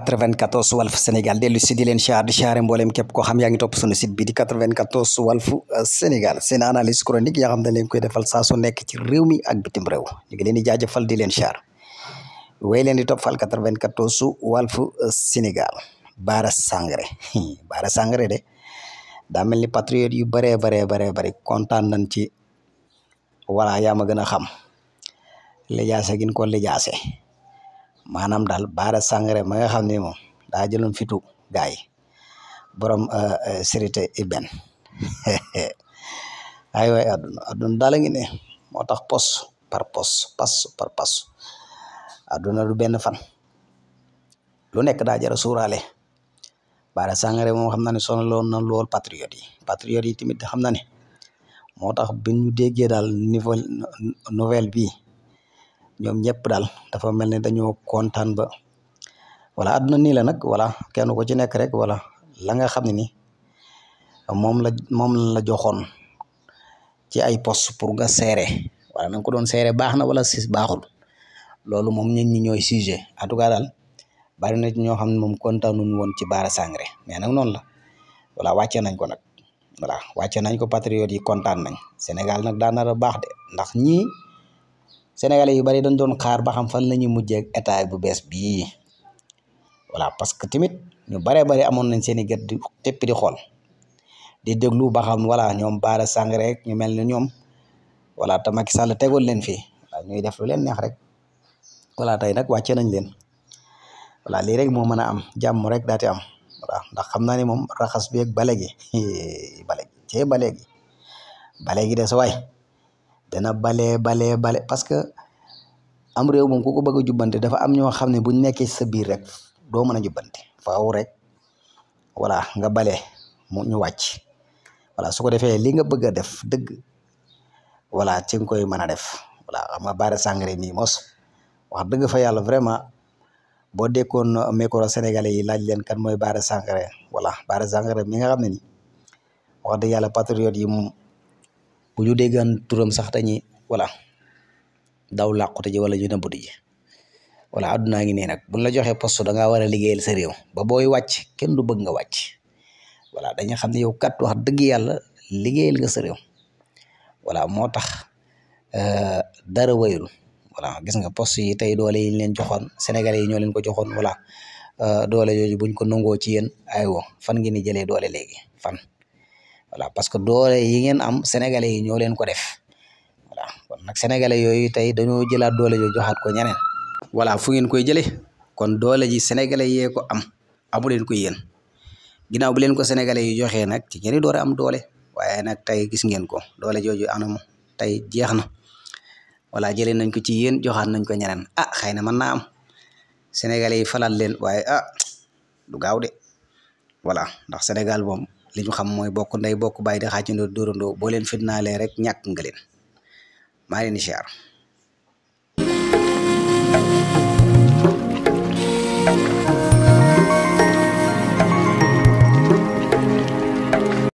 94 Walf Sénégal dellu si di leen char di charé mboolem képp koo xam yaa ngi topp sunu site bi di 94 Walf euh, Sénégal seen analyse chronique yaa xam leen koy defal saa su nekk ci réew mi ak bitim réew ñu ngi leen di jaajëfal di leen char wéy leen di toppal 94 Walf euh, Sénégal Bara Sangaré Bara Sangaré de daa mel ni patriote yu bëree baree baree bëri kontaan nañ ci wala yaa ma gën a xam lijaase gin ko lijaase maanaam daal Bara Sangaré ma nga xam ni moom daa jëloon fitu gaa borom euh, euh, sérité iben ay waay adduna adduna daal a ngi ne moo tax pos par pos pas par pas adduna du benn fan lu nekk daa jara suuraale Bara Sangaré moom xam na ne sonaloon na lool patriote yi patriote yi tamit xam na ne moo tax bi déggee daal niveau nouvelle bii ñoom ñëpp daal dafa mel ne dañoo kontaan ba voilà àdduna nii la nag voilà kenn ku ci nekk rek wala la nga xam ne ni moom la moom la joxoon ci ay poste pour nga seere wala na ko doon seere baax na wala si baaxul loolu moom ñun ñi ñooy sujet en tout cas daal bari na ci ñoo xam ne moom kontaanuñ woon ci Bara Sangaré mais nag noonu la voilà wàcce nañ ko nag voilà wàcce nañ ko patriote yi kontaan nañ Sénégal nag daan na baax de ndax ñii. sénégalais yu bari dañ doon xaar ba xam fan la ñuy mujjeek état bu bees bii voilà parce que tamit ñu baree bari amoon nañ seen i gët di teppi di xool di déglu baxam wala ñoom baara sàng rek ñu mel ni ñoom voilà te Macky Sall tegoon leen fii ñuy def leen neex rek voilà tey nag wàcce nañ leen voilà lii rek moo mën a am jàmm rek daati am waaw ndax xam naa ne moom raxas beeg bale gi bale gi cee de sa waay dana balee balee bale parce que am réew moom ku ko bëgg a jubbante dafa am ñoo xam ne buñ nekkee sa biir rek doo mën a jubbante faaw rek voilà nga bale mu ñu wàcc voilà su ko defee li nga bëgg a def dëgg wala ci koy mën a def voilà xam nga Bara Sangaré mos wax dëgg fa yàlla vraiment boo dekkoon mekoro sénégalais yi laaj leen kan mooy Bara Sangaré voilà Bara Sangaré mi nga xam ne wax dëgg yàlla patriote yi bu ñu déggaan turam sax dañuy voilà daw làqute ji wala ñu nëbbatu ji voilà addunaa ngi nii nag buñ la joxee poste da ngaa war a liggéeyal sa réew ba booy wàcc kenn du bëgg nga wàcc voilà dañu xam ne yow kat wax dëgg yàlla liggéeyal nga sa réew voilà moo tax euh, dara wayul wala gis nga poste yi tey doole yiñ leen joxoon sénégal yi ñoo leen ko joxoon voilà euh, doole yooyu buñ ko nangoo ci yéen aywa fan ngeen di jëlee doole léegi fan. voilà parce que doole yi ngeen am sénégalais yi ñoo leen ko def voilà kon nag sénégalais yooyu tey dañoo jëlaat doole yooyu joxaat ko ñeneen. voilà fu ngeen koy jëlee kon doole ji sénégalais yee ko am amu leen ko yéen ginnaaw bu leen ko sénégalais yi joxee nag ci ngeen doore am doole waaye nag tey gis ngeen ko doole jooju anam tey jeex na voilà jëlee nañ ko ci yéen joxaat nañ ko ñeneen ah xëy na mën naa am sénégalais yi falal leen waaye ah du gaaw de voilà ndax Sénégal moom. li ñu xam mooy bokk ndey bokk bàyyi di xaacandoo dóorandoo boo leen fitnaalee rek ñàkk nga leen maa leen